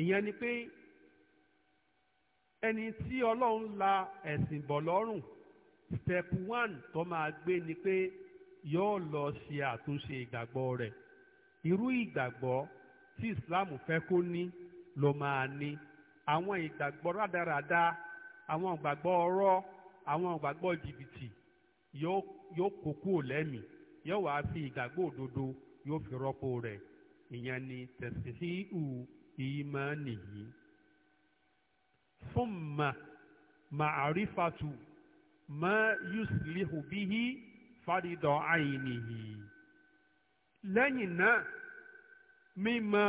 ìyẹn ni pé ẹni tí ọlọ́run la ẹ̀sìn bọ̀ lọ́rùn step one tó máa gbé ni pé yóò lọ ṣe àtúnṣe ìgbàgbọ́ rẹ̀ irú ìgbàgbọ́ tí Islam fẹ́ kó ní ló máa ní àwọn ìgbàgbọ́ rádaràda àwọn ìgbàgbọ́ ọ̀rọ̀ àwọn ìgbàgbọ́ jìbìtì yóò kó kúrò lẹ́mìí yóò wá fi ìgbàgbọ́ òdodo yóò fi rọ́pò rẹ̀ ìyẹn ni tẹ̀síhíhù ìmánìyí thumma ma'rifatu ma yuslihu bihi faridọ àìníhì lẹ́yìn náà mímọ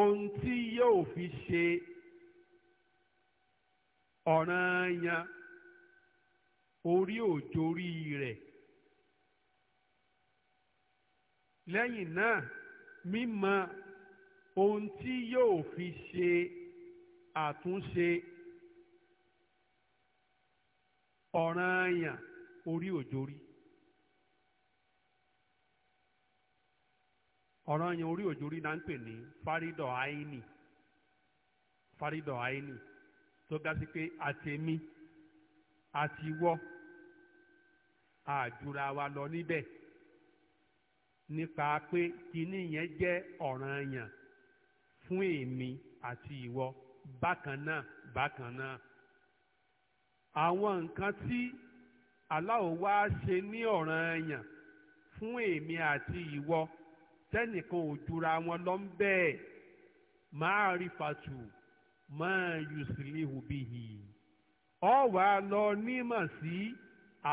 ohun tí yóò fi ṣe ọ̀ranyàn orí òjòrí rẹ̀ lẹ́yìn náà mímọ ohun tí yóò fi ṣe àtúnṣe ọ̀ranyàn orí òjòrí ọ̀ranyàn orí òjòrí náà ń pè ní fárídọ̀ àìní fárídọ̀ àìní tó ga sí pé àtẹ̀mí àtiwọ́ àjùra wa lọ níbẹ̀ nípa pé kinní yẹn jẹ́ ọ̀ranyàn fún èmi àti ìwọ bákan náà bákan náà àwọn nǹkan tí Allah wá ṣe ní ọ̀ranyàn fún èmi àti ìwọ tẹ́nìkan ò jura wọn lọ bẹ́ẹ̀ máa rí fatu máa yusilihu bihi ọ wà lọ nímọ̀ sí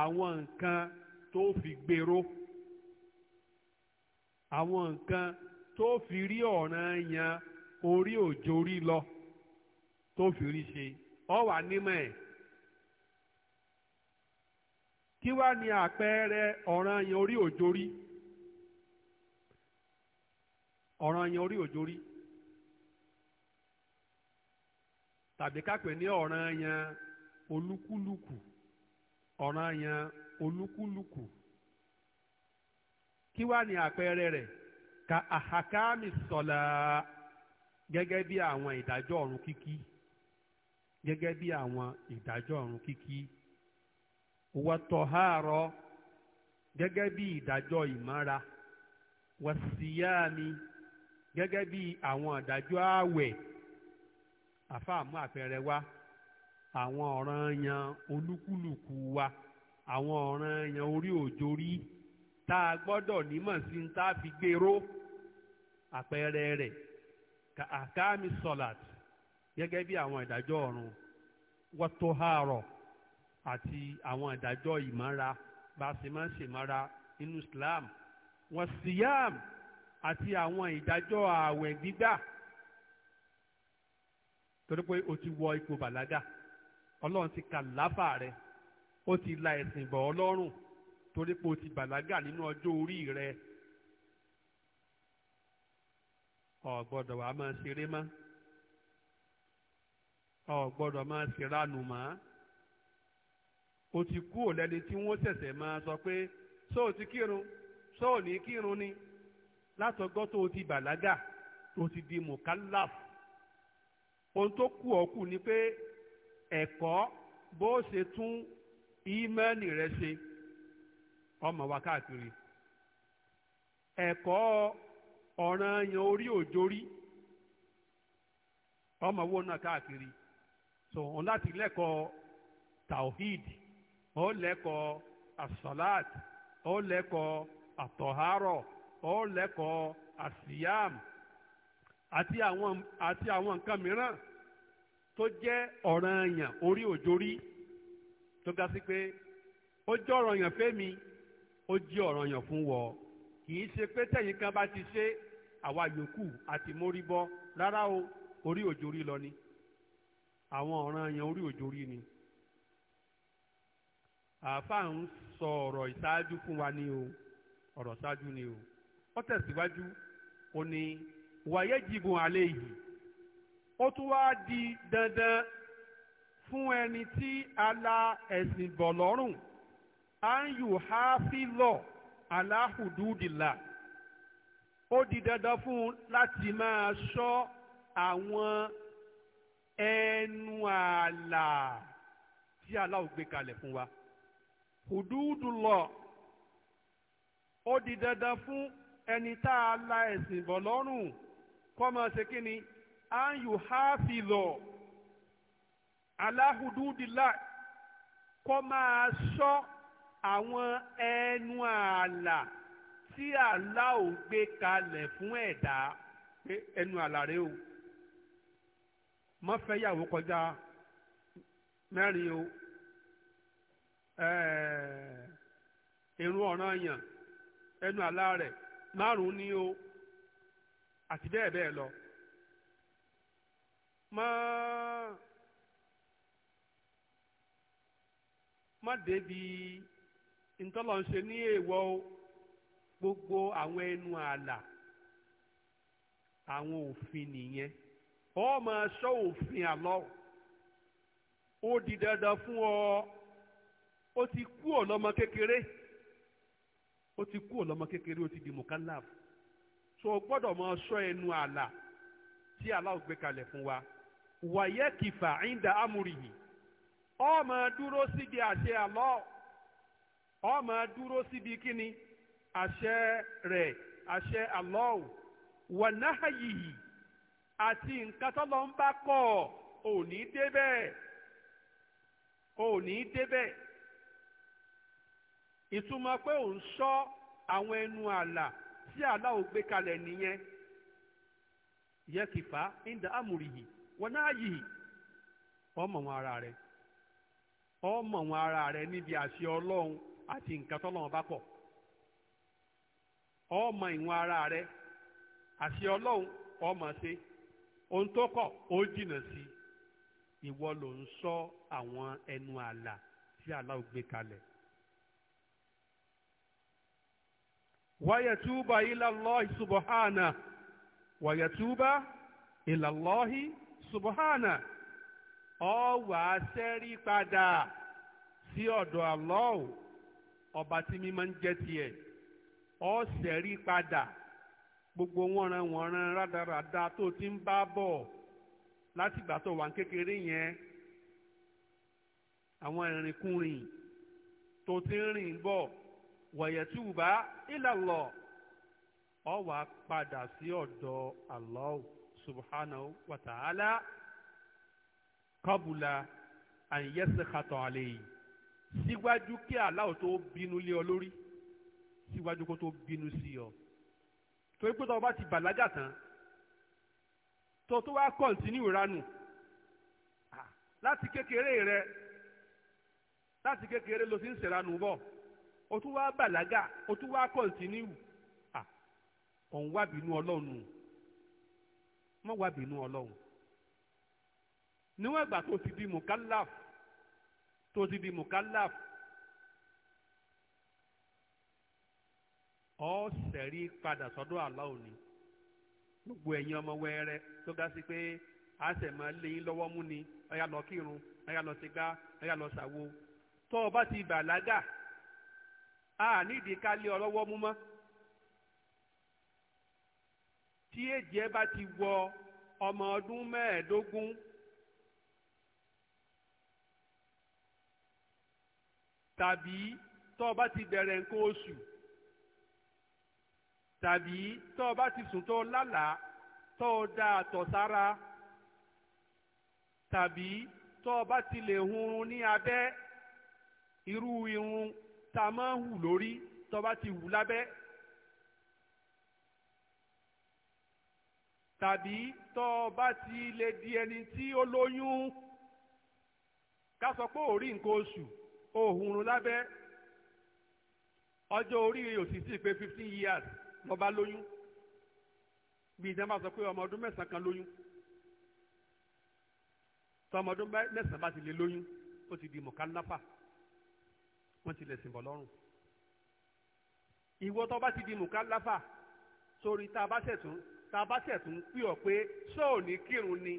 àwọn nǹkan tó fi gbèrò àwọn nǹkan tó fi rí ọ̀ranyàn orí òjò orí lọ tó fi rí ṣe ọ wà nímọ̀ ẹ̀ kí wá ní àpẹẹrẹ ọ̀ràn yẹn orí òjò rí ọ̀ràn yẹn orí òjò tàbí kápẹ́ ní ọ̀ràn yẹn olúkúlùkù ọ̀ràn yẹn olúkúlùkù kí wá ní àpẹẹrẹ rẹ̀ ka àhàkámi sọ̀là gẹ́gẹ́ bí àwọn ìdájọ́ ọ̀run kíkí gẹ́gẹ́ bí àwọn ìdájọ́ ọ̀run kíkí wọ́tọ̀hárọ̀ gẹ́gẹ́ bí ìdájọ́ ìmọ́ra wọ́síyáàmì gẹ́gẹ́ bí àwọn ìdájọ́ ààwẹ̀ àfàmú àpẹẹrẹ wa àwọn ọ̀ranyàn olúkúlùkù wa àwọn ọ̀ranyàn orí òjòrí tá a gbọ́dọ̀ nímọ̀ sí ní tá a fi gbèrò àpẹẹrẹ rẹ̀ ka àkáàmì sọ̀làt gẹ́gẹ́ bí àwọn ìdájọ́ ọ̀run wọ́tóhárọ̀ àti àwọn ìdájọ́ ìmọ́ra bá a ṣe máa ń ṣèmọ́ra nínú Islam wọ́n ati àti àwọn ìdájọ́ ààwẹ̀ gbígbà torí pé o ti wọ ipò bàlágà ọlọ́run ti kà láfà rẹ o ti la ẹ̀sìn bọ̀ ọlọ́run torí pé o ti bàlágà nínú ọjọ́ orí rẹ ọ̀ gbọ́dọ̀ wàá máa ṣeré mọ́ ọ̀ gbọ́dọ̀ máa ṣèrànù mọ́ o ti kú ò lẹ́ni tí wọ́n ṣẹ̀ṣẹ̀ máa sọ pé ṣó o ti kírun ṣó o ní kírun ni látọgbọ́ tó o ti bàlágà tó o ti di mùkálàf ohun tó kù ọ́ kù ni pé ẹ̀kọ́ bó o ṣe tún ímẹ́ẹ̀lì rẹ ṣe ọmọ wa káàkiri ẹ̀kọ́ ọ̀ràn yan orí òjòrí ọmọ owó náà káàkiri so òun láti lẹ́kọ̀ọ́ tawhid ó lẹ́kọ̀ọ́ asalat ó lẹ́kọ̀ọ́ àtọ̀hárọ̀ ó lẹ́kọ̀ọ́ àsíyàm àti àwọn àti àwọn nǹkan mìíràn tó jẹ́ ọ̀ràn orí òjòrí ga sí pé ó jẹ́ ọ̀ràn femi fẹ́mi ó jẹ́ ọ̀ràn yàn fún kì í ṣe pé tẹ̀yìn kan bá ti ṣe àwa yòókù àti mórí bọ́ rárá o orí òjòrí lọ ni àwọn ọ̀ràn yẹn orí òjòrí ni àáfàá ń sọ ọ̀rọ̀ ìṣáájú fún wa ni o ọ̀rọ̀ ṣáájú ni o ó tẹ̀síwájú ó ní wàyé jìbùn àlẹ́ yìí ó tún wá di dandan fún ẹni tí a la ẹ̀sìn bọ̀ lọ́rùn á ń yù aláhùdúdìlà ó di dandan fún un láti máa ṣọ́ àwọn ẹnu ààlà tí aláwọ̀ gbé kalẹ̀ fún wa hùdúdùlọ ó di dandan fún ẹni tá a la ẹ̀sìn bọ̀ lọ́rùn kọ́ máa ṣe kí ni an yu hafizọ alahududila máa sọ àwọn ẹnu ààlà tí àlá ò gbé kalẹ̀ fún ẹ̀dá pé ẹnu ààlà rẹ o má fẹ́ yàwó kọjá mẹ́rin o ìrun ọ̀ranyàn ẹnu àlá rẹ̀ márùn-ún ni o àti bẹ́ẹ̀ bẹ́ẹ̀ lọ má má débi. ntọ́lọ̀ ń ṣe ní èèwọ̀ gbogbo àwọn ẹnu àlà àwọn òfin nìyẹn ọ máa sọ òfin àlọ́ ó di dandan fún ọ ó ti kú ọ lọ́mọ kékeré ó ti kú ọ lọ́mọ kékeré ó ti di mùkálàf so o gbọ́dọ̀ máa sọ ẹnu àlà tí Allah gbé kalẹ̀ fún wa wàyẹ́ kìfà ìndà amúrìyì ọ máa dúró síbi àṣẹ Allah. ọ ma dúró síbi kíni àṣẹ rẹ̀ àṣẹ Allah wa nahayihi àti nǹkan tọ́lọ́ ń bá kọ̀ ò ní débẹ̀ ò ní débẹ̀ ìtumọ̀ pé ò ń sọ àwọn ẹnu àlà tí àlà ò gbé kalẹ̀ nìyẹn yẹ kìfà ìdá amúrìyì wọn náà yìí ọmọ wọn ara rẹ ọmọ wọn ara rẹ níbi àṣẹ ọlọ́run àti nǹkan tọ́lọ́run bá ọ ọmọ ìwọ̀n ara rẹ àṣẹ ọlọ́run ọmọ ṣe ohun tó kọ̀ ó jìnnà sí ìwọ ló ń sọ àwọn ẹnu àlà tí Allah gbé kalẹ̀. wa yatuba ila sẹ́rí padà sí ọ̀dọ̀ ọba tí mímọ́ ń jẹ́ tiẹ̀ ọ́ sẹ̀rí padà gbogbo wọ́nranwọ̀nran rádaràda tó ti ń bá bọ̀ látìgbà tó wà ń kékeré yẹn àwọn ìrìnkúrìn tó ti ń rìn bọ̀ wọ̀yẹ̀tùbá ilallah ọ wà padà sí ọ̀dọ̀ Allah subhanahu wa ta'ala qabula an yasikhata alayhi. síwájú kí aláwọ̀ tó bínú lé ọ lórí síwájú kó tó bínú sí ọ torí pé tó o bá ti bàlágà tán tó tó wá kọ̀ǹtínú ranù ah, láti kékeré rẹ láti kékeré ló ti ń ṣèranù bọ̀ o tún wá bàlágà o tún wá kọ̀ǹtínú ah, òun wá bínú ọlọ́run mọ́ wá bínú ọlọ́run níwọ̀n ìgbà tó ti di mùkálàfù tó ti di mukallaf ọ sẹ̀rí padà sọ́dọ̀ Allah ni gbogbo ẹ̀yin ọmọ wẹ́rẹ́ tó ga sí pé a sẹ̀ máa lé yín lọ́wọ́ mú ni ọ̀yà lọ kírun ọ̀yà lọ sìgá ọ̀yà lọ sàwo tó o bá ti bàlágà a nídìí ká lé ọ lọ́wọ́ mú mọ́ tí èjì ẹ bá ti wọ ọmọ ọdún mẹ́ẹ̀ẹ́dógún. tàbí tó o bá ti bẹ̀rẹ̀ nǹkan oṣù tàbí tó o bá ti sùn tó o lálàá tó o da àtọ̀ sára tàbí tó o bá ti lè hunrun ní abẹ́ irú irun tá a máa ń hù lórí tó o bá ti hù lábẹ́. tàbí tó o bá ti lè di ẹni tí ó lóyún ká sọ pé ò rí nǹkan oṣù òhun lábẹ́ ọjọ́ orí òsìsì pé fifteen years lọ́ba lóyún bí ìjọba máa sọ pé ọmọ ọdún mẹ́sàn-án kan lóyún tọmọ ọdún mẹ́sàn-án bá ti lè lóyún ó ti di mọ̀kánáfà wọ́n ti lè sìn bọ̀ lọ́rùn ìwọ tó bá ti di mọ̀kánáfà sórí tá a bá ṣẹ̀tún tá a bá ṣẹ̀tún pí ọ̀ pé sóò ní kírun ni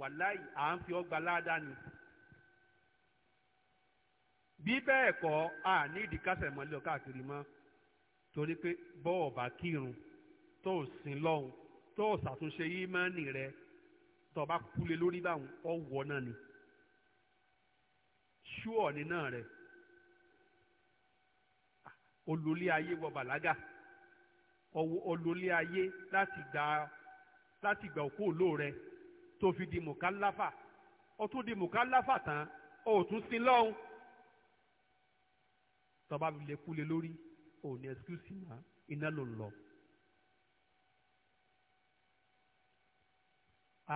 wàláì à ń fi ọgbà ládàá ni bí bẹ́ẹ̀ kọ́ a ní ìdíkásẹ̀ mọ́lẹ́ káàkiri mọ́ torí pé bọ́ọ̀ bá kírun tó o sin lọ́hùn tó o ṣàtúnṣe yímọ́nì rẹ tó bá kúlé lórí báwọn ọ̀wọ́ náà ni ṣúọ̀ ní náà rẹ ah, olólé ayé wọ bàlágà olólé ayé láti gba láti gba òkú òlò rẹ tó fi di mùkálàfà ó tún di mùkálàfà tán ó tún sin lọ́hùn tọba lè kúlé lórí ò ní ẹsikúsì mọ́ iná ló ń lọ.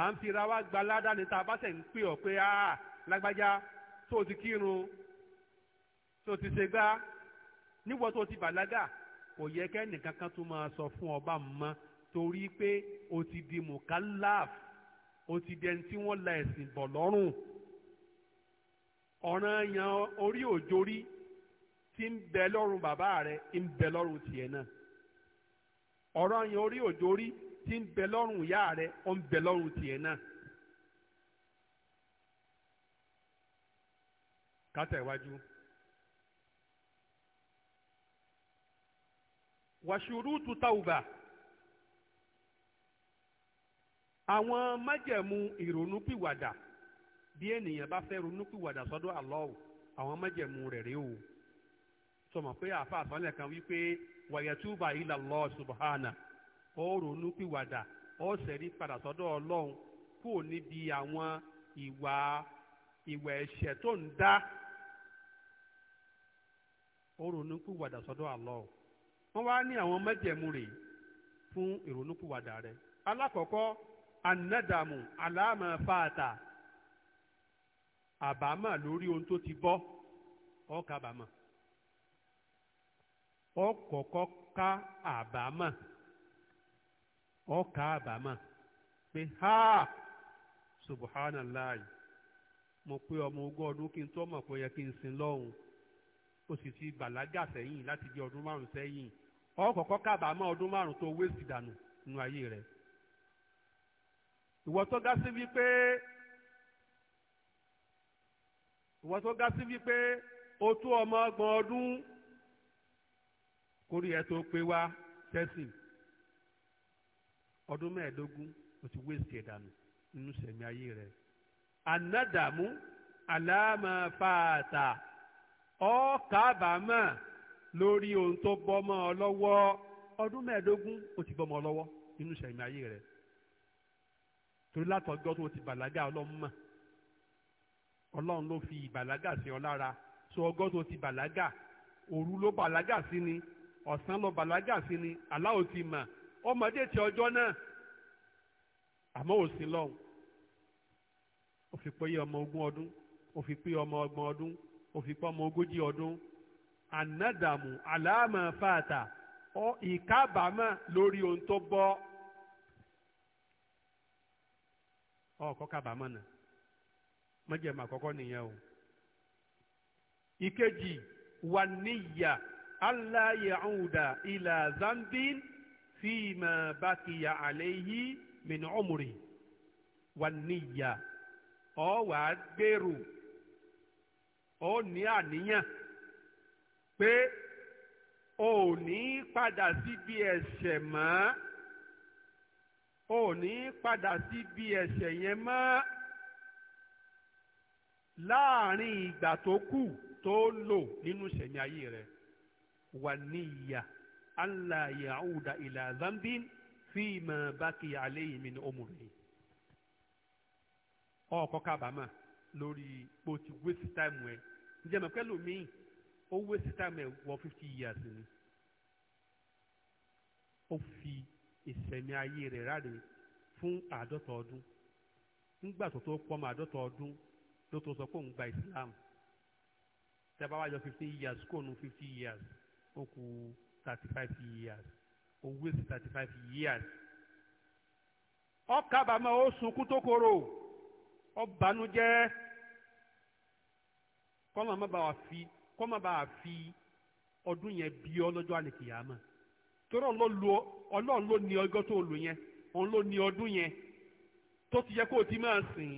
à ń fira wa gba ládàá ní ta bá sẹ̀ ń pè ọ́ pé áà lágbájá tó o ti kírun tó o ti ṣe gbá níwọ̀ tó o ti bàlágà kò yẹ kẹ́nìkan kan tún máa sọ fún ọba mọ́ torí pé o ti di mùkálàf o ti di ẹni tí wọ́n la ẹ̀sìn bọ̀ lọ́rùn ọ̀ràn yan orí òjò rí. tí ń bẹ lọ́rùn bàbá rẹ ń bẹ lọ́rùn tiẹ̀ náà ọ̀rọ̀ yẹn orí òjò orí tí ń bẹ lọ́rùn ìyá rẹ ń bẹ lọ́rùn tiẹ̀ náà. kátà ìwájú. wàṣúrú tuta ùbà àwọn májẹ̀mú ìrònúpìwàdà bí ènìyàn bá fẹ́ ronúpìwàdà sọ́dọ̀ Allah àwọn májẹ̀mú rẹ̀ o. sọmọ pé àfa àsánlẹ̀ kan wípé wàyẹ̀túbà ilà Allah subhana ó ronú pìwàdà ó ṣẹ́rí padà sọ́dọ̀ ọlọ́run kúrò níbi àwọn ìwà ìwà ẹ̀ṣẹ̀ tó ń dá ó ronú pìwàdà sọ́dọ̀ Allah wọ́n wá ní àwọn mẹ́jẹ̀mú rèé fún ìrònúpìwàdà rẹ̀ alákọ̀ọ́kọ́ anádàmù aláàmà fàtà àbámà lórí ohun tó ti bọ́ ọ̀ọ́ kábàámà. ọ kọ́kọ́ ká àbámà ọ ká àbámọ̀ pé ha subhanallah mo pé ọmọ ogún ọdún kí n tó mọ̀ pé ó yẹ kí n sin lọ́hùn ó sì ti bàlágà sẹ́yìn láti di ọdún márùn sẹ́yìn ọ kọ́kọ́ ká àbámà ọdún márùn tó wéṣì dànù nínú ayé rẹ ìwọ tó ga sí wípé ìwọ tó ga sí wípé o tó ọmọ ọgbọ̀n ọdún. kórí ẹ tó pé wá sẹ́sìn ọdún mẹ́ẹ̀ẹ́dógún o ti wéṣì ẹ̀dànù nínú sẹ̀mí ayé rẹ̀ anádàmú aláàmàfààtà ọ̀ọ́kàbàmà lórí ohun tó bọ́mọ ọ lọ́wọ́ ọdún mẹ́ẹ̀ẹ́dógún o ti bọ́mọ ọ lọ́wọ́ nínú sẹ̀mí ayé rẹ̀ torí látọjọ́ tó ti bàlágà ọlọ́run mọ̀ ọlọ́run ló fi ìbàlágà sí ọ lára so ọgọ́ tó ti bàlágà òru ló bàlágà sí ni ọ̀sán ló bàlágà sí ni aláwo ti mà ọmọdé ti ọjọ́ náà àmọ́ ò sí lọ́hùn ó fi pé ọmọ ogún ọdún ó fi pé ọmọ ọgbọ̀n ọdún ó fi pé ọmọ ogójì ọdún ànádàmù àlàámà fàtà ọ ìkábàámọ̀ lórí ohun tó bọ́ ọkọ kábàámọ̀ náà mọ̀jẹ̀mọ̀ àkọ́kọ́ nìyẹn o ìkejì wà níyà alla ya'uda ila zambin fima bakiya alayhi min umri wa niyya ọ wà á gbèrò ó ní àníyàn pé ó ní padà síbi ẹ̀ṣẹ̀ mọ́ ó ní padà síbi ẹ̀ṣẹ̀ yẹn mọ́ láàrin ìgbà tó kù tó lò nínú ìṣẹ̀yìn ayé rẹ̀ wà níyà allah yahuda ilà zambin fíìmà bákì àléyìn mi ní ọmọrè ọkọ kábàámà lórí bó ti wéṣí táìmù ẹ ǹjẹ́ mọ̀ pẹ́ lómiì ó wéṣí táìmù ẹ wọ fifty years ni ó fi ìsẹ̀mí ayé rẹ̀ ráre fún àádọ́ta ọdún nígbà tó tó pọ́nmọ́ àádọ́ta ọdún ló tó sọ pé òun gba Islam tẹ́ bá wájọ fifteen years kó nu fifty years ó thirty five years ó thirty five years ó kábàámọ̀ ó sunkún tó ọ kọ́mọ̀ má bàa fi fi ọdún yẹn bí ọ lọ́jọ́ àlèkìyàmọ̀ torí ọlọ́run ló ní ọjọ́ tó lò yẹn òun ló ní ọdún yẹn tó ti yẹ kó o ti máa sìn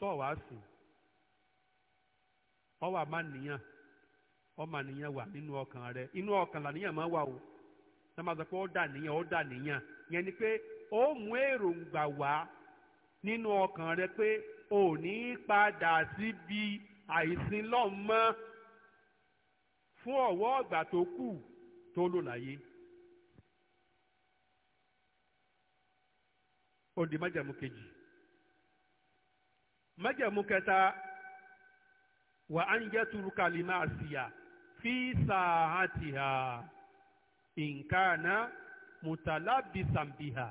tọ́ wàá sìn ọ wà ọmọ àníyàn wà nínú ọkàn rẹ inú ọkàn làníyàn máa wà o ṣe pé ó dà níyàn ó dà níyàn yẹn ni pé ó mú èròǹgbà wá nínú ọkàn rẹ pé ò ní padà síbi àìsìn lọ́hùn fún ọwọ́ ọ̀gbà tó kù tó lò di kejì kẹta wà á ń fi sa'atiha in kana mutalabisan biha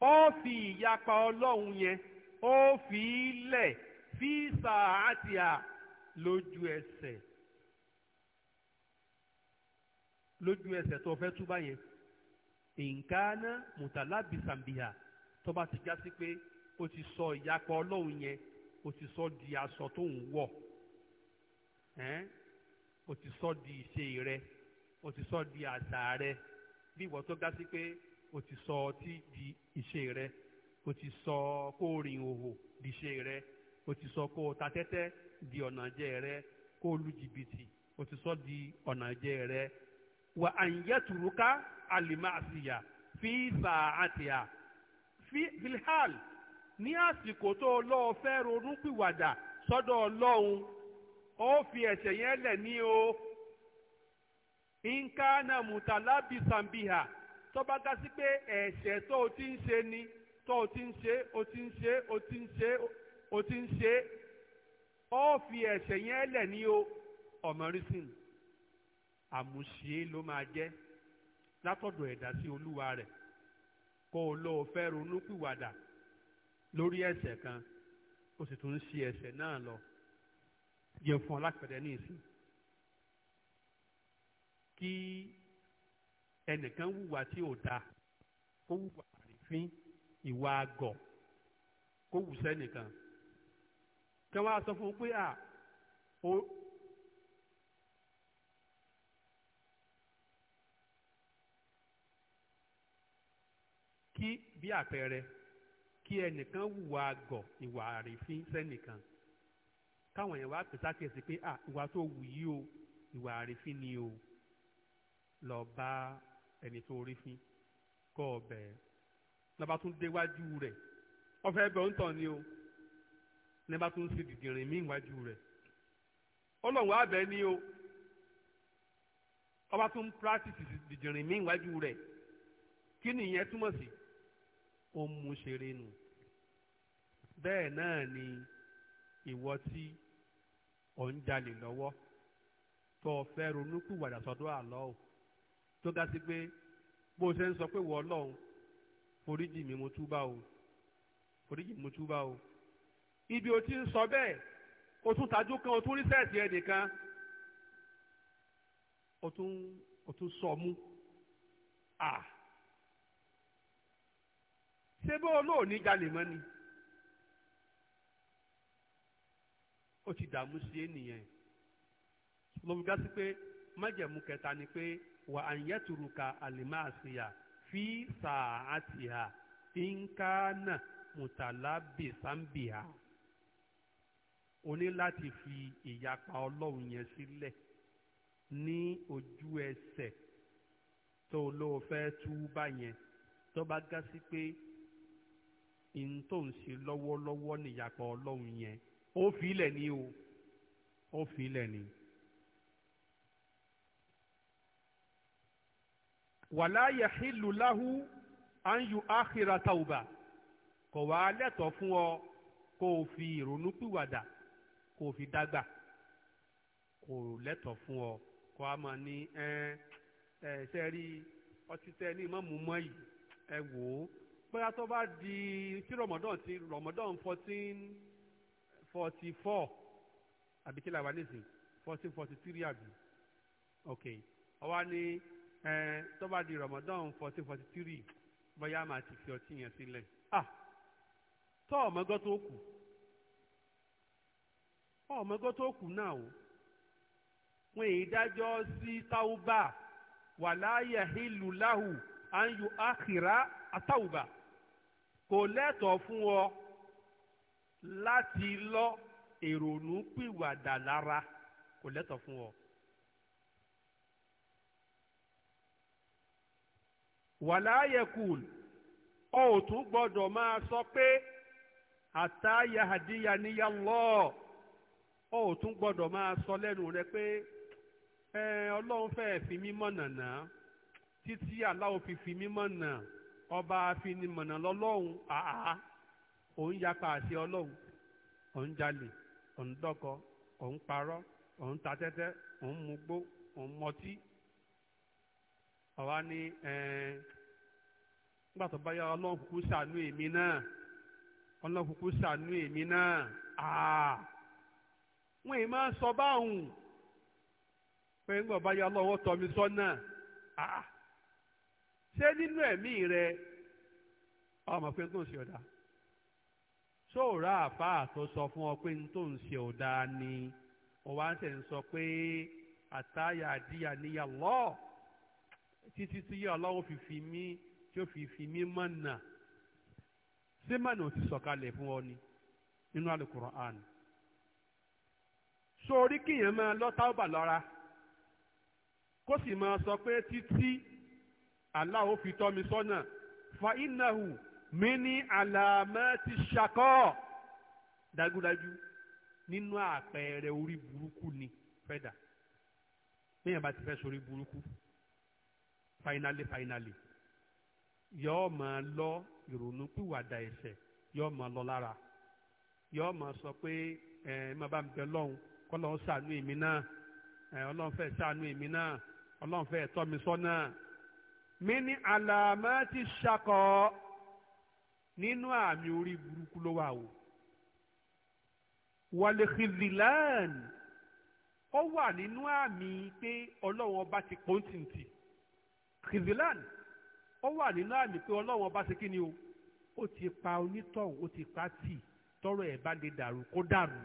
ó fi ìyapa ọlọ́run yẹn ó fi í lẹ̀ fi sa'atiha lójú ese lójú ẹsẹ̀ tó fẹ́ túbá yẹn in kana mutalabisan biha tó bá ti já sí pé ó ti sọ ìyapa ọlọ́run yẹn ó ti sọ di aṣọ tó ń wọ̀ Eh? o ti sọ di ise rẹ o ti sọ di àṣà rẹ bí ìwọ tó sí pé o ti sọ ọtí di ise rẹ o ti sọ kó o rìn òhò di ise rẹ o ti sọ kó o ta tẹ́tẹ́ di ọ̀nà jẹ rẹ kó o lu jìbìtì o ti sọ di ọ̀nà jẹ rẹ wà á yẹ tùrúkà àlìmọ́ àṣìyà fi sàá àtìyà fi filhal ní àsìkò tó lọ́ọ́ fẹ́ ronú pìwàdà sọ́dọ̀ ọlọ́run ó fi ẹ̀ṣẹ̀ yẹn lẹ̀ ní o nka mùtàlábì sàmbìhà tó bá ga sí pé ẹ̀ṣẹ̀ tó o ti ń ṣe ni tó o ti ń ṣe o ti ń ṣe o ti ń ṣe o ti ń ṣe ó fi ẹ̀ṣẹ̀ yẹn lẹ̀ ní o ọ̀mọ̀rísìn àmùṣe ló máa jẹ́ látọ̀dọ̀ ẹ̀dá sí olúwa rẹ̀ kó o lọ fẹ́ ronú pìwàdà lórí ẹ̀ṣẹ̀ kan o sì tún ń ṣe ẹ̀ṣẹ̀ náà lọ. yẹn fún ọ lápẹẹrẹ ní ìsìn kí ẹnìkan wùwà tí ò dáa kó wùwà àrífín ìwà àgọ̀ kó wù sẹ́nìkan kí wọ́n á sọ fún un pé à ó kí bí àpẹẹrẹ kí ẹnìkan wùwà àgọ̀ ìwà àrífín sẹ́nìkan káwọn èèyàn wá pè sákèsí pé à ìwà tó wù yí o ìwà àrífín ni o lọ bá ẹni tó rí fín kọ́ ọ̀bẹ lọ́ba tún déwájú rẹ̀ ọ̀fẹ́ bẹ̀ ń tàn ni o lẹ́ba tún ṣe dìdìrín mí ìwájú rẹ̀ ọlọ́run wá ni o ọba tún practice dìdìrín mí ìwájú rẹ̀ kí nìyẹn túmọ̀ sí ó mú ṣeré nù bẹ́ẹ̀ náà ni ìwọ tí ò ń jalè lọ́wọ́ tó o fẹ́ ronúpìwàdà sọ́dọ̀ àlọ́ o tó ga sí pé bó o ṣe ń sọ pé wọ́ ọlọ́run foríjì mi mo túbà o foríjì mi mo túbà o ibi o ti ń sọ bẹ́ẹ̀ o tún tajú kan o tún rí sẹ́ẹ̀tì ẹ̀ o tún o tún sọ mú à ṣé bó o lóò ní jalè mọ́ ni. ó ti dààmú sí ènìyàn lóbi gá sí pé májẹ̀mú kẹta ni pé wà á yẹ turuka àlìmáàsìyà fi sàátìhà ìǹkánà mùtàlábìsàmbìhà o ní láti fi ìyapa ọlọ́run yẹn sílẹ̀ ní ojú ẹsẹ̀ tó lóo fẹ́ túbà yẹn tó bá gá sí pé ìǹtòǹṣe lọ́wọ́lọ́wọ́ níyapa ọlọ́run yẹn ó fi ilẹ̀ ní o ó fi ilẹ̀ ní. wàlá yahilu lahu an tauba kò wá lẹ́tọ̀ọ́ fún ọ kó o fi ìrònúpìwàdà kó o fi dágbà kò lẹ́tọ̀ọ́ fún ọ kó a máa ní ẹ ẹ ṣe rí ọtí tẹ ní ìmọ̀ mú yìí ẹ wò ó bóyá tó bá di tí rọmọdán ti rọmọdán fourteen forty four àbí kí la wà nísìn fourteen three àbí ok ọwọ́ ní ẹ tó bá di Ramadan fourteen forty three bóyá màá ti fi ọtí yẹn sílẹ̀ ah tọ́ ọ̀mọ́gọ́ tó kù ọ̀mọ́gọ́ tó kù náà o wọn èyí dájọ́ sí táwùbà wàláyà hílùláhù àyù àkìrá àtàwùbà kò lẹ́tọ̀ọ́ fún ọ. láti lọ èrònú pìwàdà lára kò lẹ́tọ̀ fún ọ. wàláyẹkùn ọ ò tún gbọ́dọ̀ máa sọ pé àtàyà àdíyà níyà lọ ọ ò tún gbọ́dọ̀ máa sọ lẹ́nu rẹ pé ẹ ọlọ́run fẹ́ẹ́ fi mí mọ̀nà náà títí aláwo fi fi mí mọ̀nà ọba afinimọ̀nà lọ́lọ́run àá. òun yapa àti ọlọ́run òun jalè òun dọ́kọ òun parọ́ òun ta tẹ́tẹ́ òun mugbó òun mọtí ọ̀wá ní nígbà tó bá ọlọ́run kúkú ṣàánú èmi náà ọlọ́run kúkú ṣàánú èmi náà wọ́n èyí máa ń sọ báwùn pé nígbà ọlọ́run ṣé nínú ẹ̀mí rẹ ọmọ pé ọ̀dà sóòrà àfáà tó sọ fún ọ pé n tó ń ṣe ò dáa ni ó wá ń tẹ̀ ń sọ pé àtàyà àdíyà níyà lọ títí tí yẹ ọlọ́wọ́ fi fi mí tí ó fi fi mí mọ̀nà ṣé mọ̀nà ò ti sọ̀kalẹ̀ fún ọ ni nínú Al-Qur'an sórí kìyàn máa lọ́tà ó bà lọ́ra kó sì máa sọ pé títí Allah ó fi tọ́ mi sọ́nà fa innahu. mini alamati ṣakọ́ dájúdájú nínú àpẹẹrẹ orí burúkú ni fẹ́dà bẹ́ẹ̀ bá ti fẹ́ sórí burúkú finally finally yọ́ọ́ máa lọ ìrònú pìwàdà ẹ̀ṣẹ̀ yọ́ọ́ máa lọ lára yọ́ọ́ máa sọ pé ẹ má bá mi bẹ lọ́hùn kọ́ lọ́hùn èmi náà ẹ ọlọ́hùn fẹ́ ṣàánú èmi náà ọlọ́hùn fẹ́ tọ́ mi sọ́nà mí ní àlàmọ́ ti ṣakọ̀ọ́ nínú àmì orí burúkú ló wà o wàlẹ̀kìlìlán ó wà nínú àmì pé ọlọ́run ọba ti pọ́ńtìǹtì kìlìlán ó wà nínú àmì pé ọlọ́run ọba ti kí ni o ó ti pa onítọ̀hún ó ti pa tì tọrọ ẹ̀ bá lè dàrú kó dàrú.